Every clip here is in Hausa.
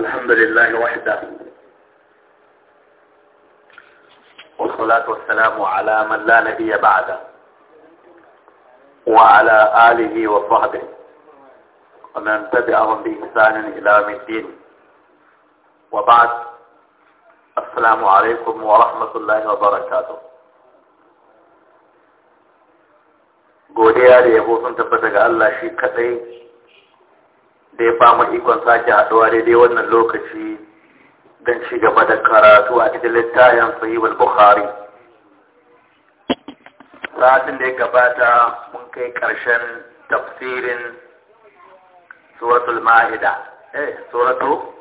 الحمد لله وحده والصلاة والسلام على من لا نبي بعده وعلى آله وصحبه ومن تبعهم بإحسان إلى من الدين وبعد السلام عليكم ورحمة الله وبركاته قولي يا ريبو سنتبتك الله شيء كثير da ya fama ikon sake haɗuwa daidai wannan lokaci don ci gaba da karatu a cikin littafin sahihul bukhari sa'atin da ya gabata mun kai ƙarshen tafsirin suratul ma'ida eh suratu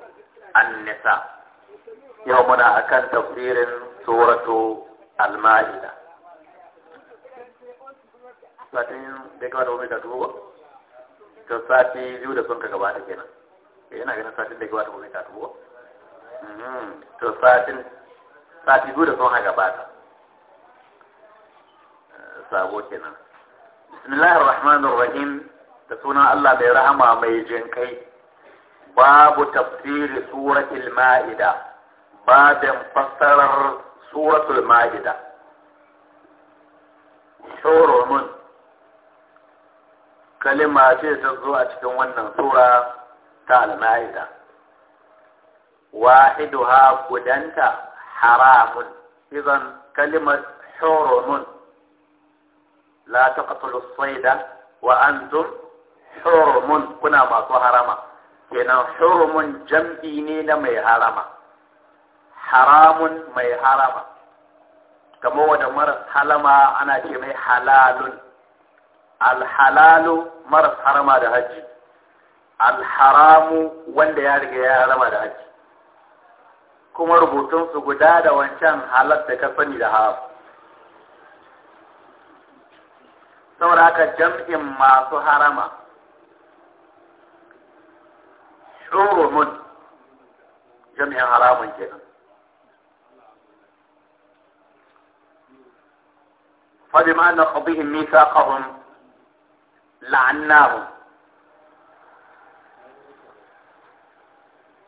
an-nisa yau muna akan tafsirin suratu al-ma'ida da ya gabata mun ta sati biyu da sun ka gabata kenan yana eh, ganin satin da gabata ko bai ka ba to satin sati biyu da sun ka gabata eh, sabo kenan bismillahir rahmanir rahim da suna Allah bai rahama mai jinkai babu tafsiri suratul ma'ida babin fassarar suratul ma'ida mun. kalima ce ta zo a cikin wannan sura ta al-ma'ida wahiduha gudanta haramun idan kalimar hurumun la ta as-sayda wa antum hurumun kuna masu harama kenan hurumun jam'i ne na mai harama haramun mai harama kamar wanda mara halama ana ce mai halalun alhalalu maras harama da haji alharamu wanda ya riga ya harama da haji kuma rubutunsu guda da wancan halar da ka sani da haram saboda haka jam'in masu harama shurumun jam'in haramun kenan فبما أن قضيهم ميثاقهم لعناهم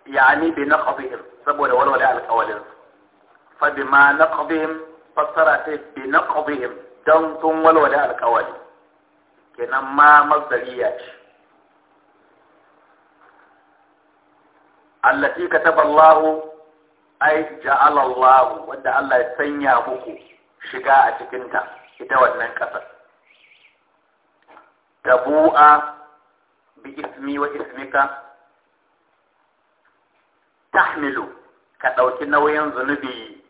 يعني بنقضهم سبولة ولا ولا على كوالهم فبما نقضهم فصرت بنقضهم دمتم ولا ولا على كوالهم كنما ما مصدريات التي كتب الله أي جعل الله ودى الله سنيا بك شقاء تكنتا كتوى من كفر tabu'a bi ismi wa ismika tahmilu ka ɗauki nauyin zunubi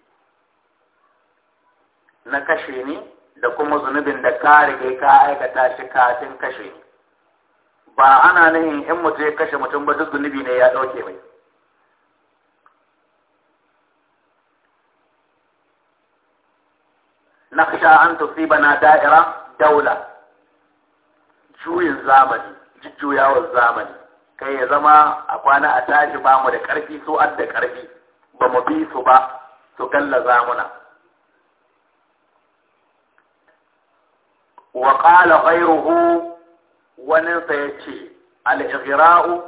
na kashe ni da kuma zunubin da ka rige ka aikata shi kafin kashe ni ba ana nihin in mutum ya kashe mutum ba duk zunubi ne ya ɗauke mai Na nakhsha an bana da'ira daula juyin zamani jujjuyawar zamani kai ya zama a kwana a tashi ba mu da ƙarfi su an da ƙarfi ba mu bi su ba su galla zamuna wa qala ghayruhu wani sa yace al-ighra'u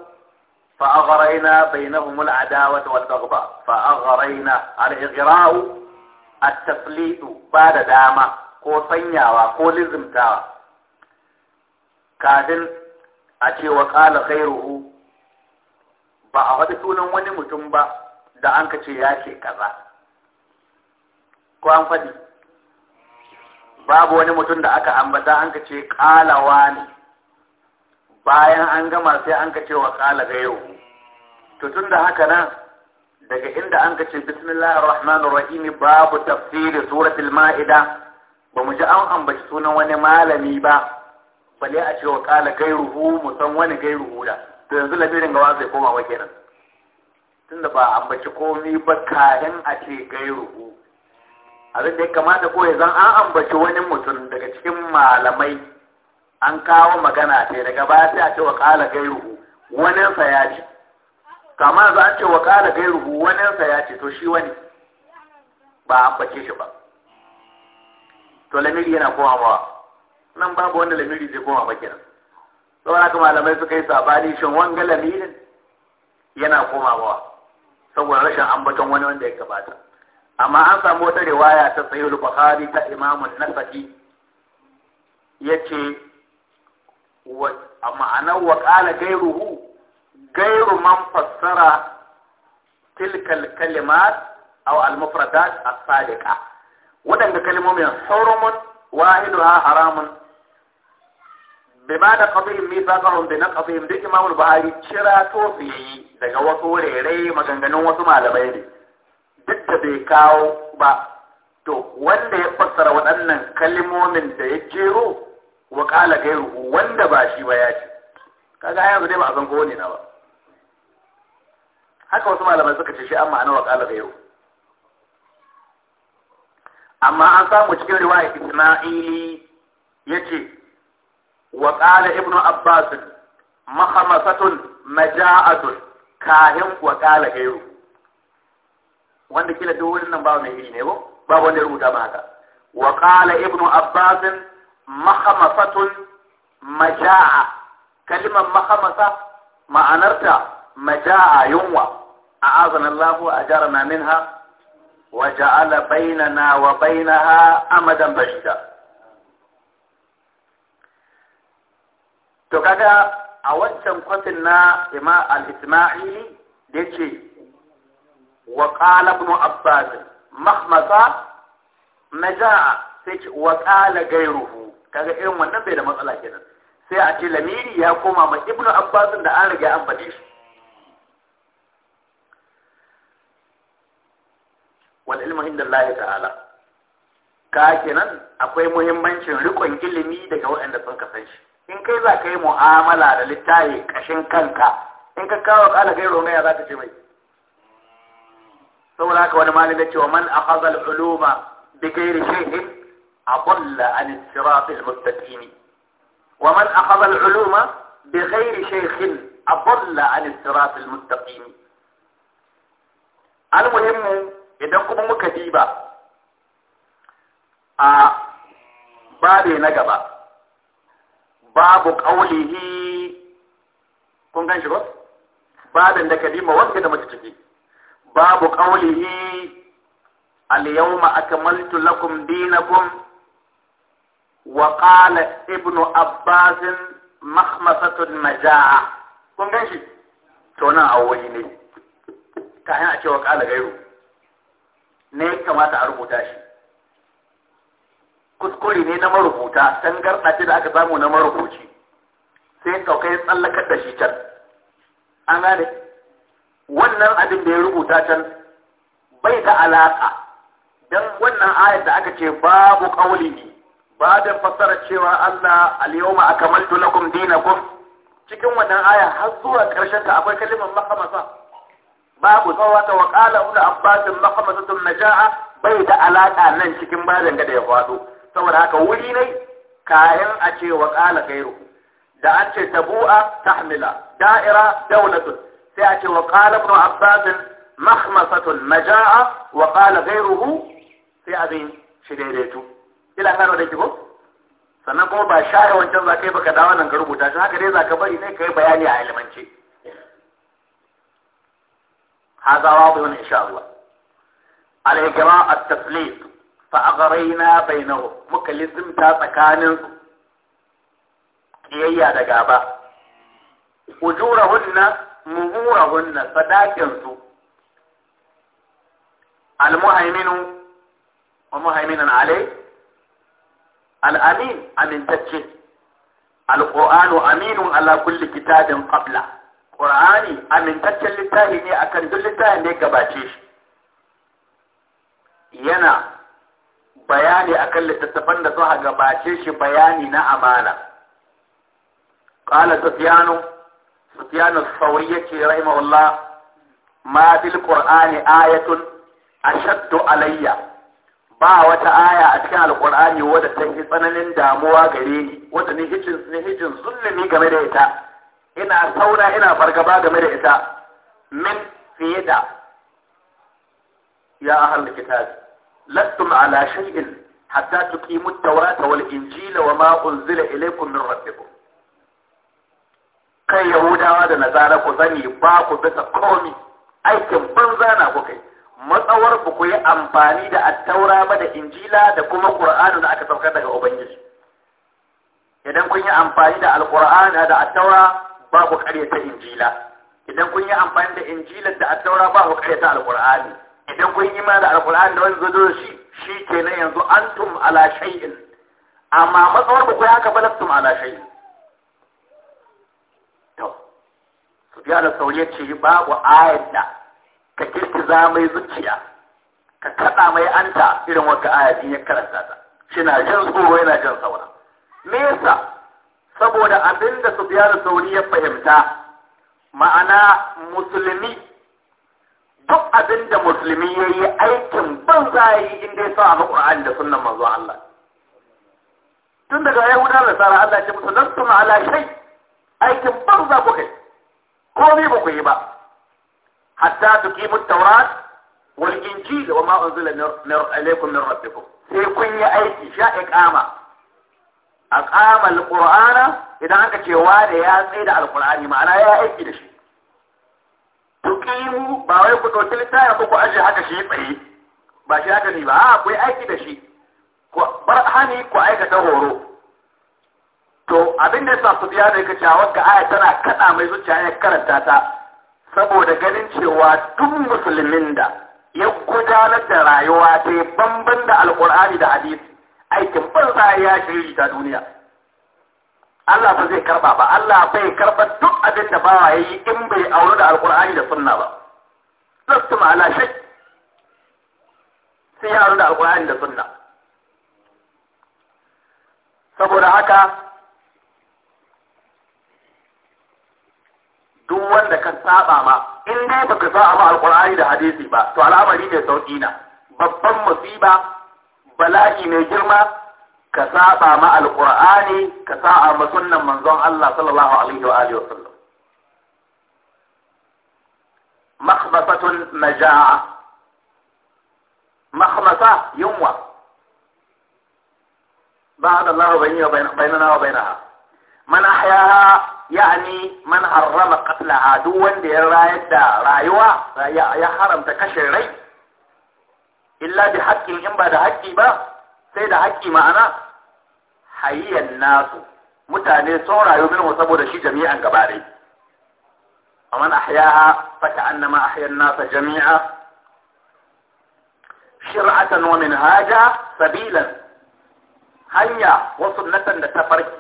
fa aghrayna bainahum al-adawa wal baghda fa aghrayna al-ighra'u at-taflitu ba da dama ko sanyawa ko lizimtawa kafin a ce wa ƙala khairuhu ba a faɗi sunan wani mutum ba da an ka ce ya ce kaza ko an faɗi babu wani mutum da aka ambata an ka ce ƙalawa ne bayan an gama sai an ka ce wa ƙala gairuhu to tun da haka nan daga inda an ka ce bismillahir rahmanir rahim babu tafsiri suratul ma'ida ba mu ji an ambaci sunan wani malami ba balle a wa kala gairuhu mu san wani gairuhu da to yanzu labirin gawa zai koma wa kenan tunda ba ambaci komi ba kayan a ce gairuhu abin da ya kamata ko ya zan an ambaci wani mutum daga cikin malamai an kawo magana ce daga baya sai a ce wa kala gairuhu wani sa ya ce kama za a ce wa kala gairuhu wani sa ya ce to shi wani ba ambace shi ba to lamiri yana komawa nan babu wanda lamiri zai koma ba kenan saboda haka malamai suka yi sabani shin wanga lamirin yana komawa saboda rashin ambaton wani wanda ya gabata amma an samu wata riwaya ta sahihul bukhari ta imamun nasafi yace ma'anar wa qala gairuhu gairu man fassara tilkal kalimat aw al mufradat as-sadiqa wadanda kalmomin wahidu ha haramun bai ba da qadihim mithaqahum na ƙabilin duk Imam al-Buhari kira to su yi daga wasu wurare maganganun wasu malamai ne duk da bai kawo ba to wanda ya fassara waɗannan kalmomin da ya jero wa ƙala gairuhu wanda ba shi ba ya ce kaga yanzu dai ba a san ko ne na ba haka wasu malamai suka ce shi an ma'ana wa ƙala gairuhu amma an samu cikin riwaya Isma'ili ce. وقال ابن عباس مخمسة مجاعة كاهم وقال غيره wanda kila duk wurin nan ba mai iri ne ba wanda rubuta ba haka wa qala ibnu abbas mahamafatun majaa kalimar mahamasa ma'anarta majaa yunwa a'azana Allahu ajarna minha wa ja'ala bainana wa bainaha amadan bashida to kaga a wancan kwafin na ima al-isma'ili da yake wa qala ibn abbas mahmasa majaa sai ce wa qala gairuhu kaga irin wannan bai da matsala kenan sai a ce lamiri ya koma ma ibn abbas da an riga an faɗi shi wal ilmu inda Allah ta'ala ka kenan akwai muhimmancin rikon ilimi daga waɗanda sun kasance in kai za ka yi mu'amala da littafi kashin kanka in ka kawo kala kai ya za ka ce mai saboda haka wani malami cewa man akhadha al-uluma bi ghairi shay'in adalla an sirat al-mustaqim wa man akhadha al-uluma bi ghairi shaykhin adalla an sirat al-mustaqim al-muhimmu idan kuma muka diba a babe na gaba babu qaulihi kun gan shi ba babin da kalima wanda da mace babu qaulihi al-yawma akmaltu lakum dinakum wa qala ibnu abbas makhmasatun majaa kun gan shi to nan wani ne ta a cewa qala gairu ne kamata a rubuta shi kuskure ne na marubuta tangarɗa ce da aka samu na marubuci sai saukai tsallakar da shi can an gane wannan abin da ya rubuta can bai da alaƙa don wannan ayar da aka ce babu ƙauli ba da fassara cewa Allah al-yawma akamaltu lakum dinakum cikin wannan aya har zuwa ƙarshen ta akwai kalimar makamasa babu tsawata wa abbasin ibn tun na najaa bai da alaƙa nan cikin bayan da ya faɗo saboda haka wuri ne kayan a ce wa ƙala gairu da an ce tabu'a tahmila da'ira daulatun sai a ce wa ƙala ibn abbas mahmasatun maja'a wa ƙala gairuhu sai abin shi daidaitu ila kano da kibo sannan kuma ba share wancan za ka yi baka dawo nan ka rubuta shi haka dai za ka bari ne ka yi bayani a ilimance hazawa bai wani insha Allah al-ikra at bai bainahu muka lizimta tsakanin kiyayya da gaba ujurahunna muhurahunna sadakin su almuhaiminu wa muhaiminan alai al'amin amintacce alƙo'anu aminu ala kulli kitabin qabla ƙur'ani amintaccen littafi ne akan duk littafin da ya gabace shi yana bayani akan littattafan da suka gabace shi bayani na amana qala sufyanu sufyanu sauri yake, rahimahullah ma bil qur'ani ayatun ashaddu alayya ba wata aya a cikin alqur'ani wadda ta yi tsananin damuwa gare ni wadda ni hijin ni hijin zulmi game da ita ina saura ina fargaba game da ita min fiye da ya ahal kitabi لستم على شيء حتى تقيموا التوراة والإنجيل وما أنزل wa من ربكم kai yahudawa da nazara ku Zani ba ku bisa komi aikin banza na ku kai matsawar ku ku yi amfani da attaura ba da injila da kuma qur'ani da aka saukar daga ubangiji idan kun yi amfani da alqur'ani da attaura ba ku ta injila idan kun yi amfani da injila da attaura ba ku ta alqur'ani idan kun yi ma da alkur'ani da wani zo shi shi ke nan yanzu antum ala shay'in amma matsawar ku ya kafa balastum ala shay'in to su biya da sauriya ce babu ayat da ka za mai zuciya ka kaɗa mai anta irin wata ayat ya karanta ta shi na jin tsoro yana jin saura me yasa saboda abinda su biya da sauri ya fahimta ma'ana musulmi duk abin da musulmi ya yi aikin ban za yi in dai sa a da sunan manzo Allah tun daga yahudawa da sara Allah ce musu nasu ma ala shay aikin ban za ku kai komai ba ku yi ba hatta duki at-taurat wal injil wa ma na ilaykum min rabbikum sai kun yi aiki sha iqama aqama al-qur'ana idan aka ce wa da ya tsaye da al-qur'ani ma'ana ya aiki da shi tuqimu ba wai ku ɗauki littaya ko ku ajiye haka shi tsaye ba shi haka ne ba a ku aiki da shi ku bar hani ku aikata horo to abin da yasa su biya da yake cewa ga aya tana kaɗa mai zuciya ya karanta ta saboda ganin cewa duk musulmin da ya gudanar da rayuwa ta bamban da alkur'ani da hadisi aikin banza ya shirya ta duniya Allah ba zai karba ba Allah bai karba duk abin da bawa yi in bai aure da alqur'ani da sunna ba lastu ma ala shay sai ya aure da alqur'ani da sunna saboda haka duk wanda ka saba ma in dai baka sa ma alqur'ani da hadisi ba to al'amari ne sauki na babban musiba bala'i mai girma كسابة مع القرآن كسابة مع سنة من ذو الله صلى الله عليه وآله وسلم مخبصة مجاعة مخبصة يموى بعد الله بيني وبين بيننا وبينها من أحياها يعني من حرم قتلها دون رايدة رايوة يحرم تكشري إلا بحق إن بعد حقي بقى sai da haƙƙi ma'ana hayyan nasu mutane sun rayu minhu saboda shi jami'an gaba dai ɗaya aman ahyaha fa annama ahyan nasa jami'a shir'atan wa min haja sabilan hanya wa sunnatan da ta farki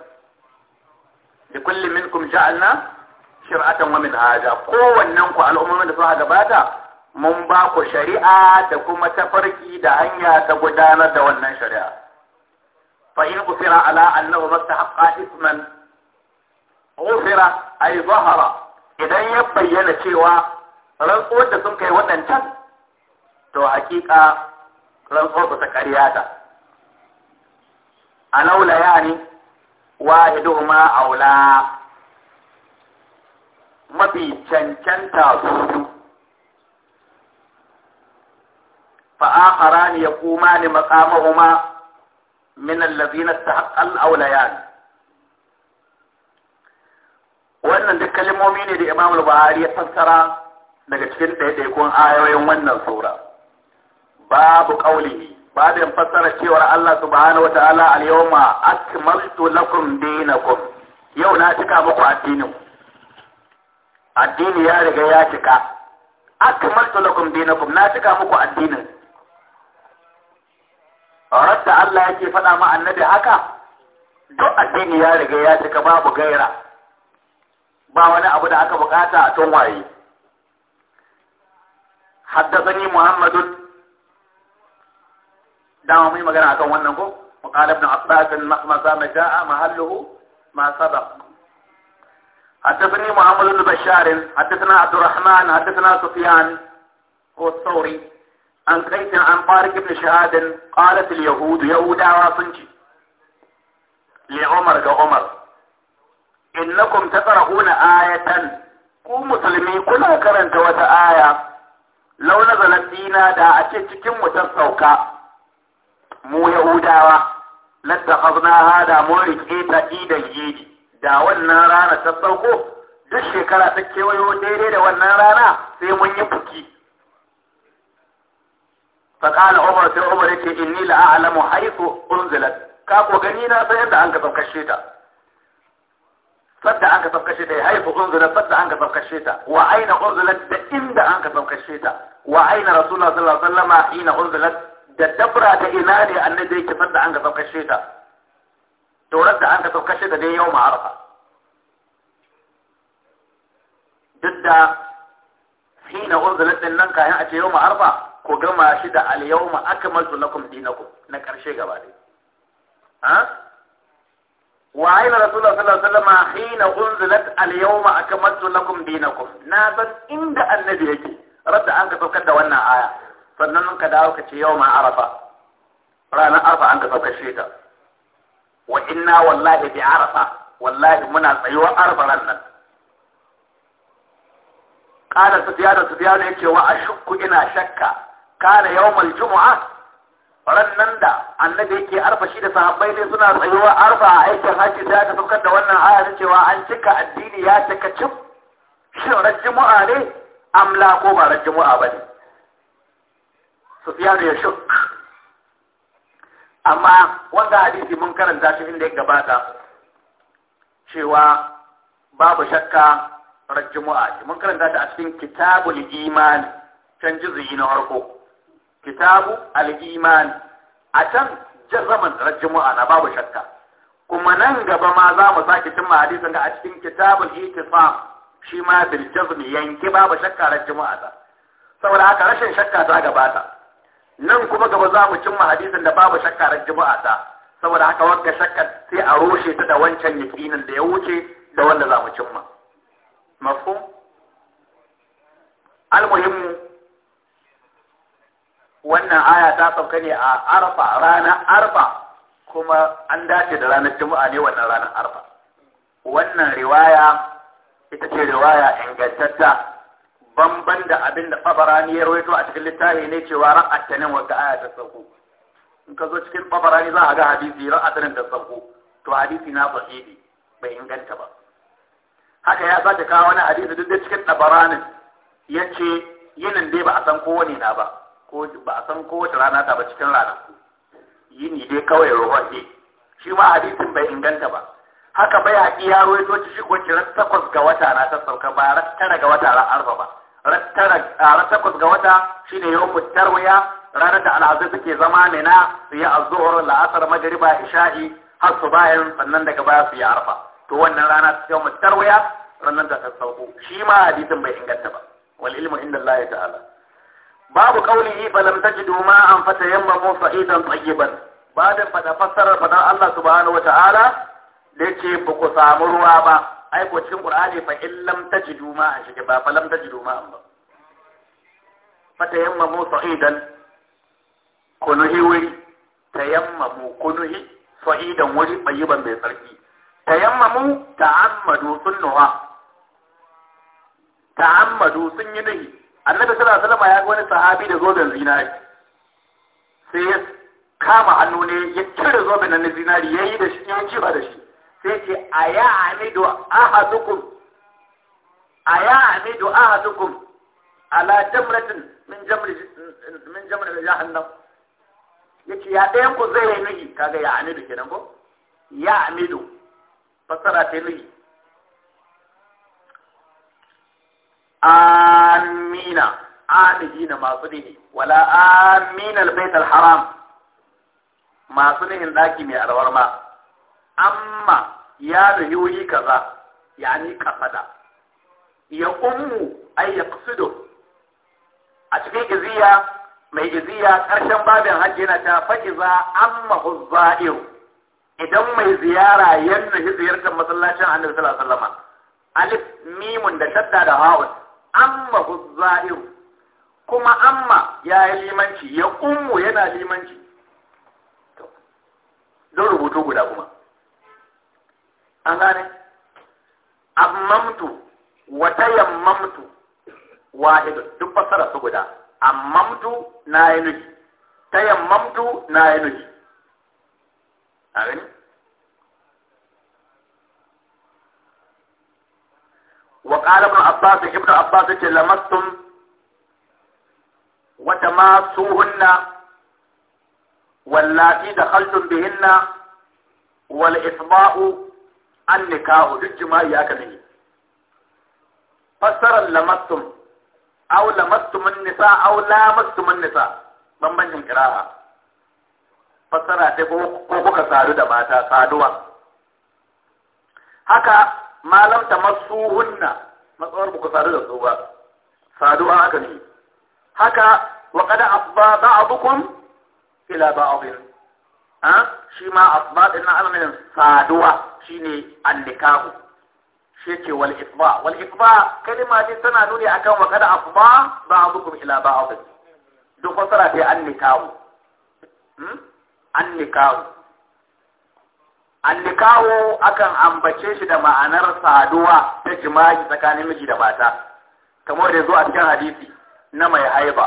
da kullum minkum ja'alna shir'atan wa min minhaja kowannen ku al'ummomin da suka gabata mun ba ku shari'a da kuma tafarki da hanya ta gudanar da wannan shari'a fa in ufira ala annahu mastahaqqa isman ufira ay zahara idan ya bayyana cewa rantsuwar da sun kai waɗancan to hakika rantsuwar ba ta ƙarya ta alaula yani wahiduhuma aula mafi cancanta su فآخران يقومان مقامهما من الذين استحق الأوليان wannan duk kalmomi ne da Imam al-Buhari ya fassara daga cikin ɗaiɗaikun ayoyin wannan sura babu qaulihi babin fassara cewar Allah subhanahu wataala al-yawma akmaltu lakum dinakum yau na cika muku addinin addini ya riga ya cika akmaltu lakum dinakum na cika muku addinin rasta Allah yake faɗa ma annabi haka duk addini ya riga ya cika babu gaira ba wani abu da aka bukata a tun waye haddathani Muhammadu. dama mun magana akan wannan ko na ibn abbas an maqmasa ma jaa mahalluhu ma sabaq haddathani muhammadun Abdullahi haddathana abdurrahman suna sufyan هو الثوري an kaitin an fara ibn shahadin qalat al yahud yahudawa sun ce Le, umar ga umar innakum tatrahuna ayatan ku musulmi kuna karanta wata aya law nazalat dina da a ce cikin mu ta sauka mu yahudawa lattakhadna hada mu rike ta idan yidi da wannan rana ta sauko duk shekara ta kewayo daidai da wannan rana sai mun yi buki فقال عمر في عمر يكي إني لا أعلم حيث أنزلت كاكو غنينا فإن أنك تبكشيتا فد أنك تبكشيتا حيث أنزلت فد أنك تبكشيتا وأين أنزلت بإند أنك تبكشيتا وأين رسول الله صلى الله عليه وسلم حين أنزلت دبرة إيماني أن ديك فد أنك تبكشيتا تورد أنك تبكشيتا دي يوم عرفة ضد حين أنزلت لنك أن أتي يوم عرفة ku gama shi da al-yawma akmaltu lakum dinakum na karshe gaba dai ha wa ayna rasulullah sallallahu alaihi wasallam hina unzilat al-yawma akmaltu lakum dinakum na san inda annabi yake radda an ka saukar da wannan aya sannan ka dawo ka ce yawma arafa ranar arafa an ka saukar shi ta wa inna wallahi bi arafa wallahi muna tsayuwa arafa ran nan قال سفيان سفيان يكي وأشك إنا شكا kana yawmal jumu'a rannan da annabi yake arfa shi da sahabbai ne suna tsayuwa arfa a aikin haji sai aka saukar da wannan aya ta cewa an cika addini ya cika cif shin ran jumu'a ne amla ko ba ran jumu'a ba ne sufiyanu ya shuk amma wanda hadisi mun karanta shi inda ya gabata cewa babu shakka ran jumu'a mun karanta ta a cikin kitabul imani can na farko kitabu al-iman a can jarraman rajjumu'a na babu shakka kuma nan gaba ma za mu sake cimma hadisin da a cikin kitabul itifam shi ma bil jazmi yanke babu shakka rajjumu'a ta saboda haka rashin shakka ta gabata nan kuma gaba za mu cimma hadisin da babu shakka rajjumu'a ta saboda haka wanka shakka sai a roshe ta da wancan yakinin da ya wuce da wanda za mu cimma mafhum al-muhimmu wannan aya ta sauka ne a arfa ranar arfa kuma an dace da ranar juma'a ne wannan ranar arfa wannan riwaya ita ce riwaya ingantatta bamban da abin da babarani ya rawaito a cikin littafi ne cewa ra'atanin wata aya ta sauko in ka zo cikin babarani za a ga hadisi ra'atanin ta sauko to hadisi na ne bai inganta ba haka ya sake kawo wani hadisi duk da cikin ya yace yinin dai ba a san kowane na ba ko ba a san kowace rana ta ba cikin ranaku yini dai kawai rufe shi ma hadisin bai inganta ba haka bai a iya rawaito shi shi kwanci ran takwas ga wata na ta sauka ba ran tara ga wata ran arfa ba ran takwas ga wata shine yawmut tarwiya ranar da al'azai suke zama ne na su yi azzuhur la'asar magariba isha'i har su bayan sannan daga baya su yi arfa to wannan rana ta mu tarwiya ranar da ta sauko shi ma hadisin bai inganta ba wal ilmu inda Allah ta'ala babu fa lam tajidu ma'an fatayammamu sa'idan tayyiban da fada fassarar fada Allah subhanahu Ta'ala da yake ba ku samu ruwa ba ai ko cikin qur'ani fa illam tajidu ma'an shi ba lam tajidu ma'an ba fatayammamu sa'idan kunuhi wuri tayammamu kunuhi sa'idan wuri tayyiban mai tsarki tayammamu ta'ammadu sunnuha ta'ammadu sun yi nahi annabi sallallahu alaihi wasallam ya ga wani sahabi da zoben zinari sai ya kama hannu ne ya cire zoben nan na zinari yayi da shi ya jifa da shi sai ce aya amidu ahadukum aya amidu ahadukum ala jamratin min jamri min jamri jahannam yace ya ɗayan ku zai yi nuhi kaga ya amidu kenan ko ya amidu fassara ta nuhi amina amina masu nihi wala amina albayt alharam masu nihin daki mai ma? amma ya nuhi wuri kaza yani kafada ya ummu ay yaqsidu a cikin iziya mai iziya ƙarshen babin hajji yana ta fa'iza amma huzza'ir idan mai ziyara ya nuhi ziyartar masallacin annabi sallallahu alaihi wasallam alif mimun da shadda da hawun amma huzza'im kuma amma ya yi limanci ya ummu yana limanci don rubutu guda kuma an gane ammamtu wa tayammamtu wahidu duk fasara su guda ammamtu na yi nuhi tayammamtu na yi nuhi a gani wa qala ibn abbas ibn abbas ce lamastum wa tamasuhunna wallati dakhaltum bihinna wal isba'u an nikahu duk jima'i aka ne fassarar lamastum aw lamastum an-nisa aw lamastum an-nisa bambancin qira'a fassara ta saduwa haka malam ta hunna matsawar ku sadu da su ba a haka ne haka wa qad asba bukun ila ba'din ha shi ma asba din alamin saduwa shine annikahu shi ke wal isba wal isba kalima ce tana nuni akan wa za asba bukun ila bin duk fasara ta annikahu hmm? annikahu annikawo akan ambace shi da ma'anar saduwa ta jima'i tsakanin miji da mata kamar da zo a cikin hadisi na mai haiba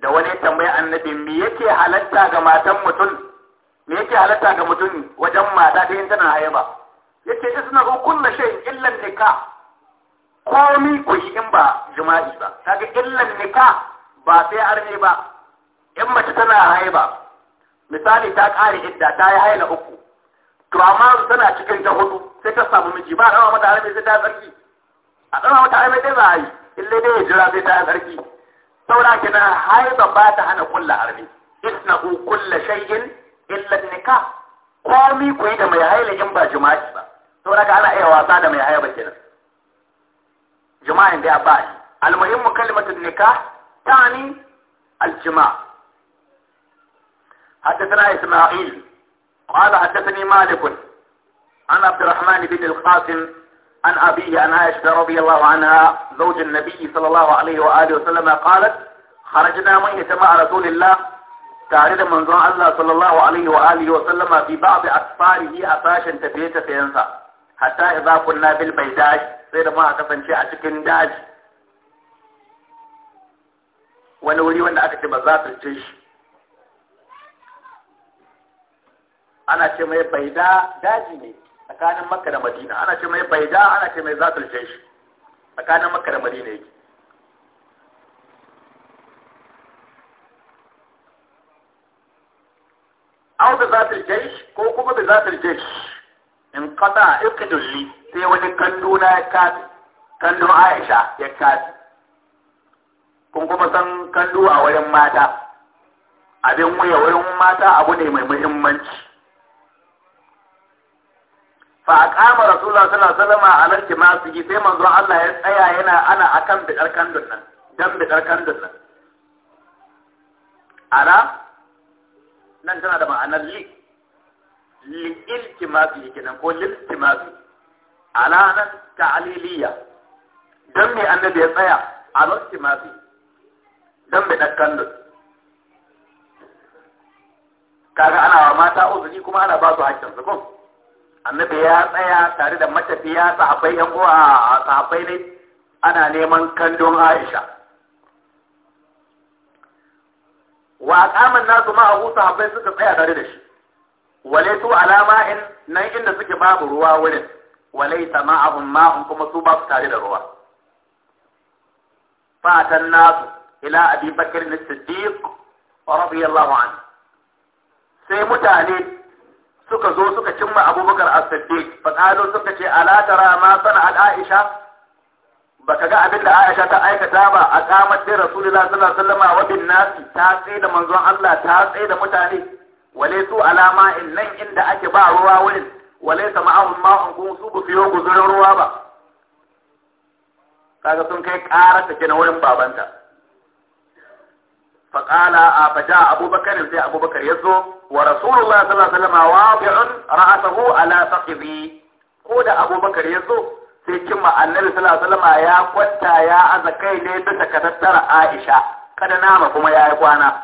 da wani tambayi annabi me yake halatta ga matan mutum me yake halatta ga mutum wajen mata da yin tana haiba yace suna ko kullu shay'in illa nikah komi ku shi in ba jima'i ba kaga illa nikah ba sai arne ba in mace tana haiba misali ta kare idda ta yi haila uku to amma tana cikin ta hudu sai ta samu miji ba dama mata harami sai ta tsarki a dama mata harami sai za a yi ille dai ya jira sai ta tsarki saboda kenan haiba ba ta hana kulla harami isnahu kulla shay'in illa nikah komi ku yi da mai haila in ba jima'i ba saboda ka ana iya wasa da mai haila kenan jima'in da ba shi almuhimmu kalimatu nikah tani الجماع حدثنا إسماعيل قال حدثني مالك عن عبد الرحمن بن القاسم عن أبيه عن عائشة رضي الله عنها زوج النبي صلى الله عليه وآله وسلم قالت خرجنا ميتا مع رسول الله تعرض من الله صلى الله عليه وآله وسلم في بعض أطفاله أفاشا تبيت فينسى حتى إذا كنا بالبيداج سيد ما كفن شيء أشكن داج ونولي وأن أكتب ذات الجيش ana ce mai baida daji ne tsakanin makka da madina ana ce mai baida ana ce mai zatul Jeshi. tsakanin makka da madina yake au da zatul jaish ko kuma da zatul Jeshi in qata li sai wani kando na ya kafi kando Aisha ya kafi kun kuma san kando a wurin mata abin wuya wurin mata abu ne mai muhimmanci fa aqama rasulullah sallallahu alaihi wasallam ala timasihi sai manzo Allah ya tsaya yana ana akan bidar kandun nan dan bidar kandun nan ala nan tana da ma'anar li li iltimasi kenan ko lil timasi ala nan ta'liliya dan me annabi ya tsaya ala timasi dan bidar kandun kaga ana wa mata uzuri kuma ana ba su hakkin su kuma annabi ya tsaya tare da matafiya sahabbai yan uwa sahabbai ne ana neman kandon Aisha wa na nasu Abu sahabbai suka tsaya tare da shi walaitu alama in nan inda suke babu ruwa wurin walaita ma'ahum ma'un kuma su ba su tare da ruwa fatan nasu ila abi bakr as-siddiq radiyallahu anhu sai mutane suka zo suka cimma abubakar as-siddiq suka ce ala tara ma sana aisha baka ga abin da aisha ta aikata ba a kamar da rasulullahi sallallahu alaihi wasallam wa bin nasi ta tsaye da manzon Allah ta tsaye da mutane wale su alama in inda ake ba ruwa wurin wale sama ahun ma'un kun su bu fiyo guzurin ruwa ba kaga sun kai ƙara ta na wurin babanta faƙala a faja abubakar sai abubakar ya wa rasulullah sallallahu ra'asahu ala saqibi ko da abubakar ya sai cimma annabi sallallahu ya kwanta ya aza kai ne bisa kadattara aisha kada nama kuma ya yi kwana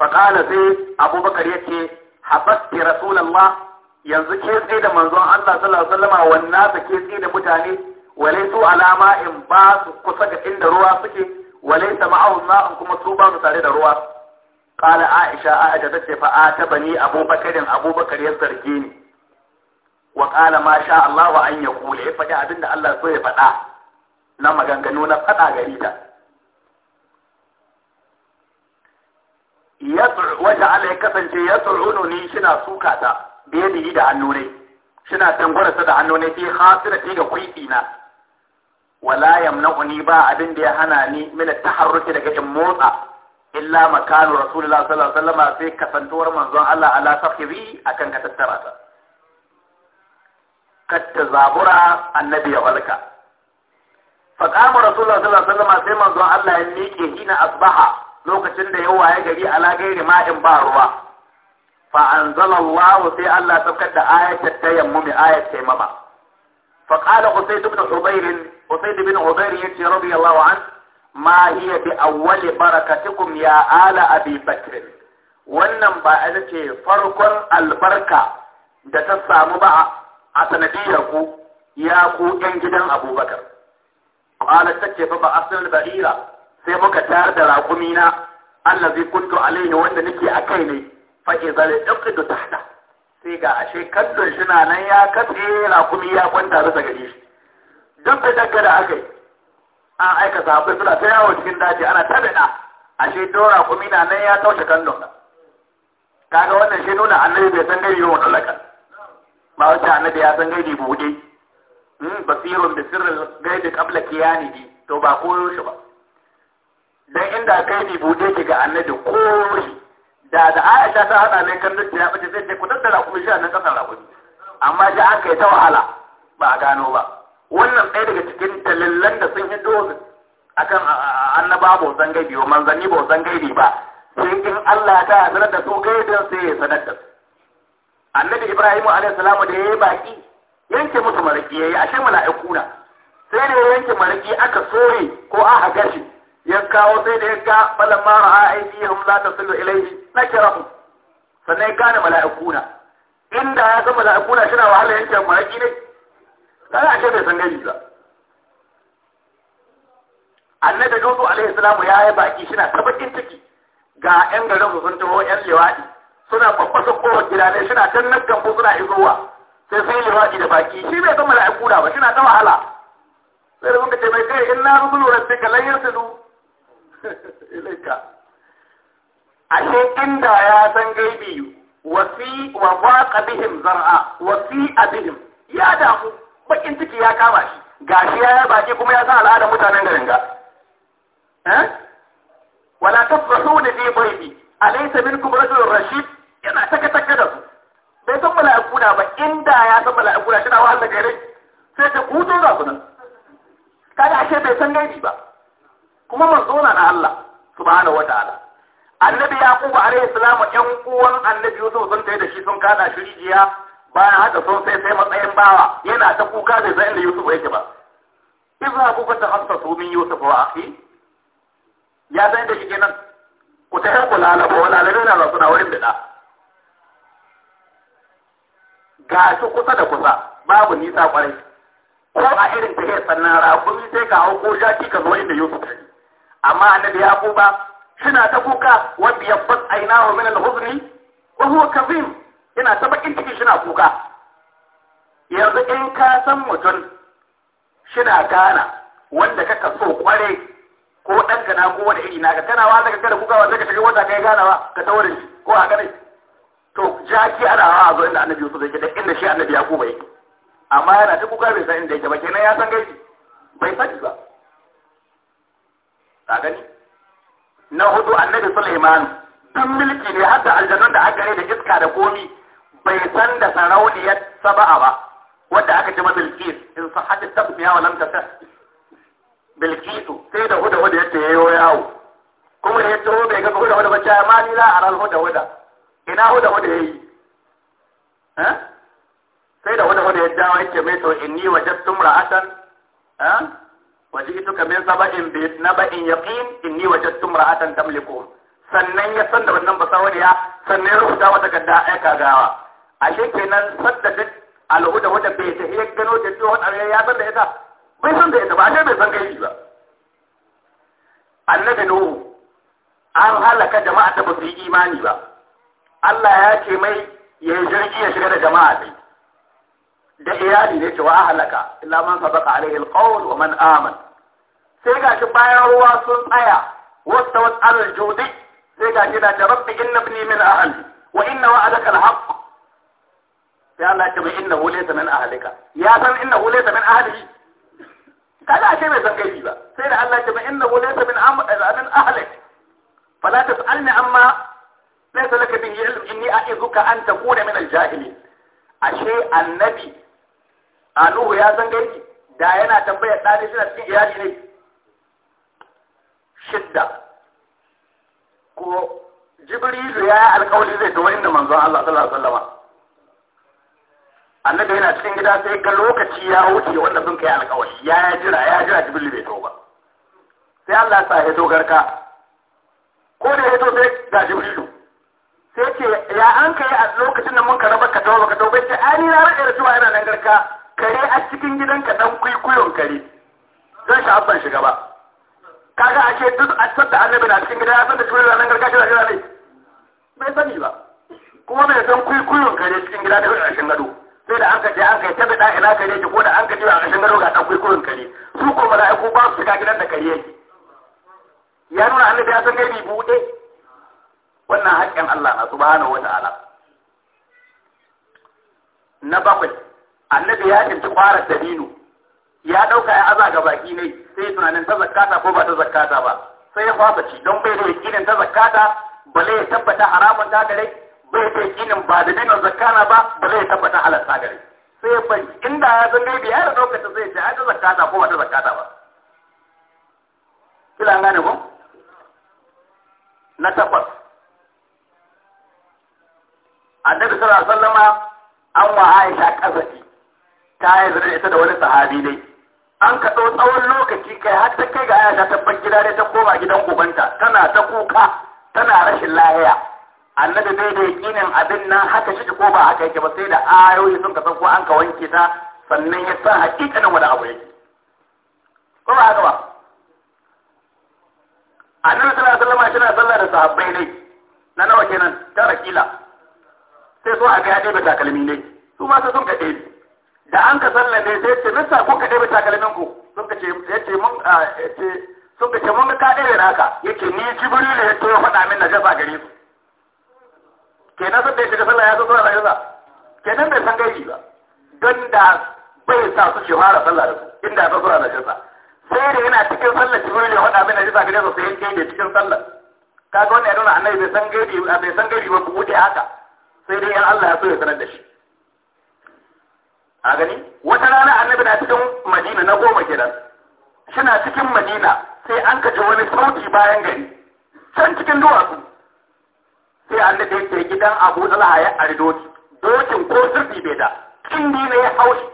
faƙala sai abubakar yake ce habatti rasulallah yanzu ke tsaye da manzon Allah sallallahu alaihi wasallam ke tsaye da mutane walai su alama in ba su kusa ga inda ruwa suke walaysa ma'ahum ma'an kuma su ba tare da ruwa qala aisha a aisha tace fa atabani abubakarin abubakar ya zarge ni wa qala ma sha Allah wa an yaqula ya faɗi abinda Allah so ya faɗa na maganganu na faɗa gari ta wata Allah ya kasance ya tsoruno ni shina suka ta biye da hannunai shina tangwarsa da hannunai fi hasira ga kwaifi na wala yamna'uni ba abin da ya hana ni min taharruki daga in motsa illa makanu rasulullah sallallahu alaihi wasallam sai kasantuwar manzon Allah ala sahibi akan ka tattara ta katta zabura annabi ya walka fa qama rasulullah sallallahu alaihi wasallam sai manzon Allah ya miƙe hina asbaha lokacin da ya waye gari ala gairi ma'in ba ruwa fa anzalallahu sai Allah saukar da ayatul tayammumi ayat tayammama fa qala usayd ibn hubayr Usaid bin Ubair yace radiyallahu an ma hiya bi ya ala Abi wannan ba a ce farkon albarka da ta samu ba a sanadiyar ku ya ku ɗan gidan Abubakar qala tace fa ba asal ba'ira sai muka tayar da na, allah zai kuntu alaihi wanda nake a kai ne fa idza da tahta sai ga ashe kaddon shi na nan ya katse raƙumi ya kwanta da gare shi duk da daga da aka yi an aika sahabbai suna ta yawo cikin daji ana ta bida shi dora kumi na nan ya taushe kan nan kaga wannan shi nuna annabi bai san gari yawan laka ba wacce annabi ya san gari bude hmm, basirun da sirrin gaibi kiyani ne, to ba koyo shi ba dan inda ne bude ki ga annabi koyo shi da da Aisha ta hada ne kallon ta ya fice zai ce ku tattara kuma shi a nan kasar rakuni amma shi aka yi ta wahala ba a gano ba wannan ɗaya daga cikin talillan da sun hito akan annaba ba san gaibi ba manzanni ba san gaibi ba sai in Allah ta sanar da su gaibin sai ya sanar da su annabi Ibrahim alayhi salamu da yayi baki yanke musu maraki yayi ashe mala'iku na sai da yanke maraki aka sore ko aka gashi ya kawo sai da ya ga falamma ra'a aidihum la tasilu ilayhi nakirahu sannan ya gane mala'iku na inda ya ga mala'iku na shi na wahala yanke maraki ne kaga ashe bai san gari ba annabi lutu alaihi salamu ya yi baki shina ta bakin ciki ga yan garin sun taho yan liwadi suna kwakwasa kowar gida ne shina can nan gambo suna izowa sai sun yi liwadi da baki shi bai san mala'iku da ba shina ta wahala sai da muka ce mai kai inna rusulu rabbika lan yasilu ilaika ashe inda ya san gaibi wasi wa waqa bihim zar'a wasi abihim ya damu bakin ciki ya kama shi gashi ya yaba ke kuma ya san al'adar mutanen garin ga eh? wala tafrahu da fi baybi alaysa minkum rajul rashid yana take take da su bai san mala'iku na ba inda ya san mala'iku na shina wahala gare sai ta kuto za ku nan kaga ashe bai san gaji ba kuma manzo na Allah subhanahu wataala annabi yaqub alayhi salam yan uwan annabi yusuf sun tayi da shi sun kada shi rijiya bayan haka sun sai sai matsayin bawa yana ta kuka bai zai da Yusuf yake ba idza ta ka su min Yusuf wa akhi ya zai da shi kenan ku ta hanku lalaba wala lalaba na ba suna wurin bida ga shi kusa da kusa babu nisa kwarai ko a irin tahiyar sannan rakumi sai ka hau ko shaki ka zo inda Yusuf yake amma annabi ya ku ba suna ta kuka wanda ya aina wa min al-huzni wa huwa kazim yana ta bakin ciki shina kuka yanzu in ka san mutum shina gana wanda kaka so kware ko dan gana ko wani iri naka kana wa zaka kada kuka wanda ka shiga wata kai ganawa ka taurin ko a ne. to jaki ana wa zo inda annabi Yusuf yake da inda shi annabi Yakub yake amma yana ta kuka bai san inda yake ba kenan ya san gaji bai sani ba ka gani na hudu annabi Sulaiman dan mulki ne har da da aka da iska da komi bai san da sarauniyar saba'a ba wadda aka ce ma bilkis in sa ta tabbiya wa lamta ta bilkisu sai da huda huda yace yayo yawo kuma ya ce bai ga huda huda ba ta ma ni a ran huda huda ina huda huda ya yi? Eh? sai da huda huda ya dawo yace mai to inni wajadtu imra'atan eh wajituka min saba'in bi in yi waje sun ra'atan tamliko sannan ya san da wannan basawariya sannan ya rubuta wata gada aika gawa ashe kenan sadda duk al'uda wanda bai ta ya gano da tsohon aure ya san da ita bai san da ita ba ashe bai san kai shi ba annabi nuhu an halaka jama'a da ba su yi imani ba Allah ya ce mai ya yi jirgi ya shiga da jama'a sai. da iyali ne cewa an halaka illa man sabaqa alaihi alqawl wa man amana sai gashi bayan ruwa sun tsaya wasta wasu alal judi sai gashi da rabbi inna ibni min ahli wa inna wa'adaka alhaq sai Allah ya ce mai inna hu laysa min ahlika ya san inna hu laysa min ahlihi kaga ashe bai san gaibi ba sai da Allah ya ce mai inna hu laysa min min ahlik fala tasalni amma laysa laka bihi ilm inni a'izuka an takuna min al-jahilin ashe annabi anuhu ya san gaibi da yana tambayar ɗani suna cikin iyali ne shidda ko jibrilu ya yi alkawari zai tawo inda manzon Allah sallallahu alaihi wasallam annabi yana cikin gida sai ga lokaci ya wuce wanda sun kai alƙawari ya ya jira ya jira jibril bai to ba sai Allah ya sa ya to garka ko da ya to sai ga jibrilu sai ce ya an kai a lokacin da mun ka raba ka ba ka to bai ce ni na rade da zuwa yana nan garka kare a cikin gidanka dan kuikuyon kare Zan shi abban shiga ba kaga a ce duk a tsar da annabi na cikin gida ya san da jibril nan garka shi da shi ne bai sani ba kuma bai san kuikuyon kare cikin gida da rashin gado sai da aka je aka yi ta da ina kare ki ko da an ka a ƙarshen gado ga ɗan kurin kare su ko mala'iku ba su ga gidan da kare yake ya nuna annabi ya san gari buɗe wannan haƙƙin Allah na subhanahu wata'ala na bakwai annabi ya tsinci kwarar dabino ya ɗauka ya aza ga baki ne sai tunanin ta zakata ko ba ta zakata ba sai ya fasa ci don bai da yakinin ta zakata bale ya tabbata haramun ta da rai bai kai ginin ba da binan zakana ba ba zai tabbata halar gare sai ban inda ya zan gaibi ya da lokacin zai ce ai zakata ko ba ta zakata ba kila gane ko na tabbas annabi sallallahu alaihi sallama an wa Aisha ƙazafi, ta yi zira ita da wani sahabi dai an ka tsawon lokaci kai har ta kai ga Aisha ta bar gida ne ta koma gidan ubanta tana ta kuka tana rashin lahiya annabi zai da yakinin abin nan haka shi ko ba haka yake ba sai da ayoyi sun kasan ko an ka wanke ta sannan ya san hakikanin wani abu yake ko ba haka ba annabi sallallahu alaihi wasallam yana sallah da sahabbai ne na nawa kenan tara kila sai so a ga ya ɗebe takalmi ne su ma sun ka ɗebe da an ka sallah ne sai ce nissa ko ka ɗebe takalmin ku sun ka ce ce mun ce sun ka ce mun ka da naka yace ni jibril ya to faɗa min na jasa gare su kenan sun da ya shiga sallah ya zo sallah yanzu kenan bai san gaji ba don da bai sa su shi fara sallah da su inda ya zo sallah rayuwa sai da yana cikin sallah jibril ya faɗa mai najisa gare su sai ya cikin sallah ka ga wani ya nuna annabi bai san ba bai san gaji ba buɗe haka sai dai yan Allah ya so ya sanar da shi a gani wata rana annabi na cikin madina na goma kenan suna cikin madina sai an kaji wani sauti bayan gari can cikin duwatsu sai da yake gidan Abu Talha ya doki dokin ko zurfi bai da kindi ne ya haushi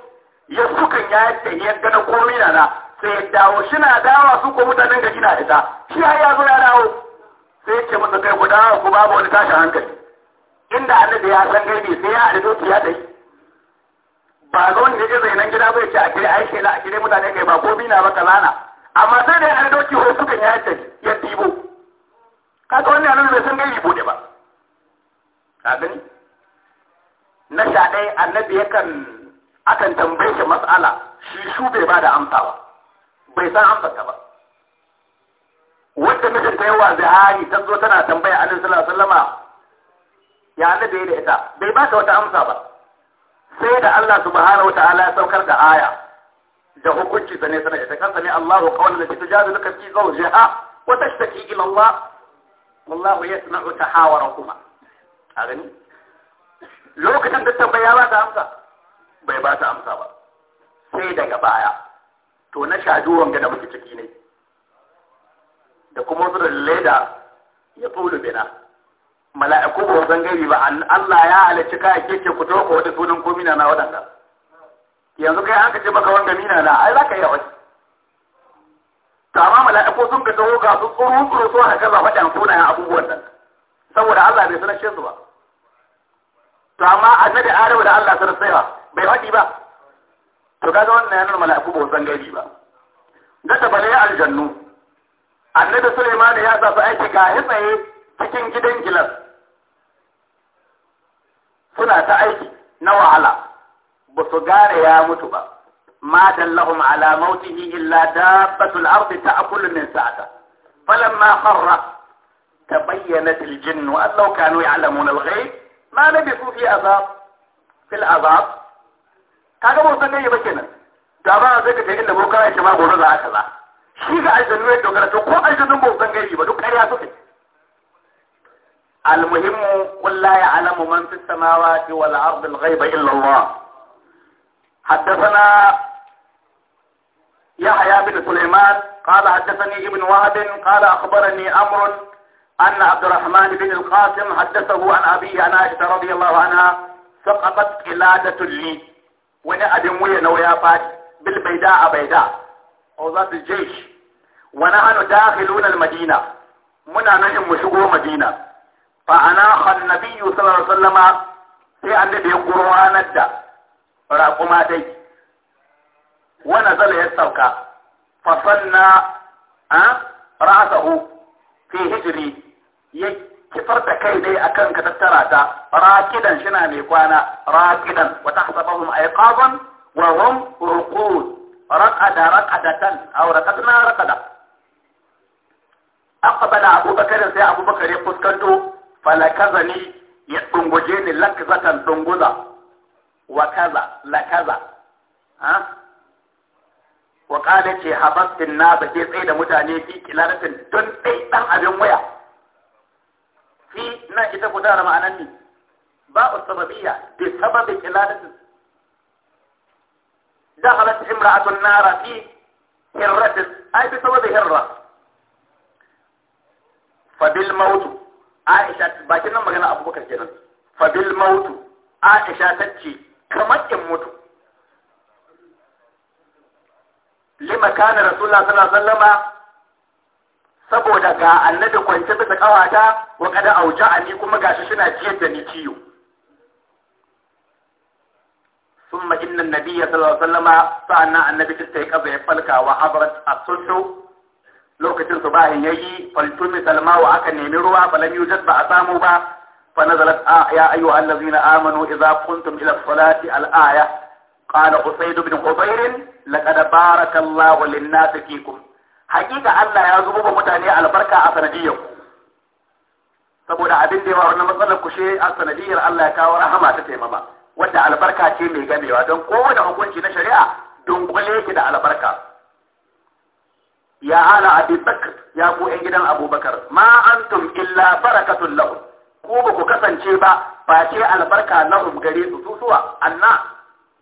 ya sukan ya yadda ya gana komai na na sai ya dawo shi na dawa su ko mutanen gari na ita shi ya zo ya dawo sai ya ce masa kai ku dawo ku babu wani tashin hankali inda da ya san gaibi sai ya doki ya dai ba ga ne ya zai nan gida bai ce a kire aiki na a kire mutane kai ba ko bina ba kalana amma sai da ya doki ko sukan ya yadda ya dibo kaga wannan nan bai san gaibi bude ba kafin na sha ɗaya annabi yakan akan tambaye shi matsala shi su bai ba da amsa ba bai san amsarta ba wadda mijinta yawa zahari ta zo tana tambaya annabi sallallahu ya annabi da ita bai ba ta wata amsa ba sai da Allah subhanahu wa ta'ala ya saukar da aya da hukunci sane sana ita kansa ne Allahu qawlan lati tujadu laka fi zawjiha wa tashtaki ila Allah wallahu yasma'u tahawarakum a gani lokacin da tambaya ba ta amsa bai ba ta amsa ba sai daga baya to na shaju wanga da muke ciki ne da kuma wasu leda ya tsoro bina mala'iku ba san gari ba Allah ya halicci kai ke ce ku toko wata sunan ko mina na waɗanda yanzu kai an ka ce maka wanga mina na ai za ka yi a wasu to amma mala'iku sun ka taho ga su tsoro tsoro so haka za faɗin sunayen abubuwan nan saboda Allah bai sanar su ba to amma annabi Adamu da Allah sanar sai ba bai faɗi ba to kaga wannan yanar mala'iku ba san gari ba da bale aljannu annabi Sulaiman ya sa su aiki ga tsaye cikin gidan gilas suna ta aiki na wahala ba su gane ya mutu ba ما دلهم على موته إلا دابة الأرض تأكل من ساعته فلما خر تبينت الجن وأن لو كانوا يعلمون الغيب ما لبثوا في عذاب في العذاب kaga ba san ba kenan da ba zai ka kai inda boka ya ce ma gobe za a kaza shi ga aljannu ya dogara to ko المهم قل لا يعلم من في السماوات والأرض الغيب إلا الله حدثنا يحيى بن سليمان قال حدثني ابن وهب قال أخبرني أمر أن عبد الرحمن بن القاسم حدثه عن أبيه عن عائشة رضي الله عنها سقطت قلادة لي وني أبن ويا نويا فات بالبيداء بيداء أوزات الجيش ونحن داخلون المدينة منا نجم مشغول مدينة فأناخ النبي صلى الله عليه وسلم في يدي قرآن الدا أتي ونزل يستوكى فصلنا أه؟ رأسه في هجري ya kifar da kai dai kan ka tattara ta rakidan shina mai kwana rakidan wa hum ayqaban wa hum ruqud raqada raqadatan aw raqadna raqada aqbala abubakar sai abubakar ya fuskanto falakazani ya dunguje ni lakzatan dunguza wa kaza la kaza ha wa qala ce habastin na ba ke tsaye da mutane fi kilaratin don dai dan abin waya fi na ita guda da ma'anan ne ba a sababiya da sababin iladatin da halatta atun nara fi hirratin ai bi sababi hirra fabil mautu aisha bakin nan magana abubakar kenan fabil mautu aisha ta kamar in mutu lima kana rasulullah sallallahu alaihi wasallama saboda ga annabi kwance bisa kawata wa kada auja a ni kuma gashi suna jiyar da ni ciyo sun ma'inan nabi ya salawa sallama sa'annan annabi cikin kaza ya falka wa abarat a sosho lokacin su ba hin yayi faltumi salma wa aka nemi ruwa falam yujad ba a samu ba fa nazalat ya ayu allazina amanu idza kuntum ila salati al aya qala usayd ibn qubayr laqad baraka allahu lin nasikum hakika Allah ya zubo ba mutane albarka a sanadiyar ku saboda abin da yawa wannan matsalar kushe a sanadiyar Allah ya kawo rahama ta taimama wanda albarka ce mai gamewa don kowane hukunci na shari'a dunkule yake da albarka ya ala abi bakr ya ku yan gidan abubakar ma antum illa barakatun lahum ku ba ku kasance ba face albarka lahum gare su su suwa anna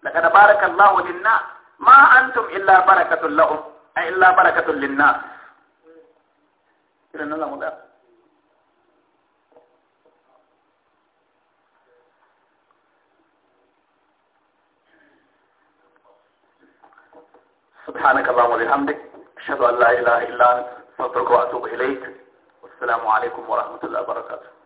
laqad baraka Allahu linna ma antum illa barakatun lahum إلا بركة للناس إذا الله سبحانك اللهم وبحمدك أشهد أن لا إله إلا أنت أستغفرك وأتوب إليك والسلام عليكم ورحمة الله وبركاته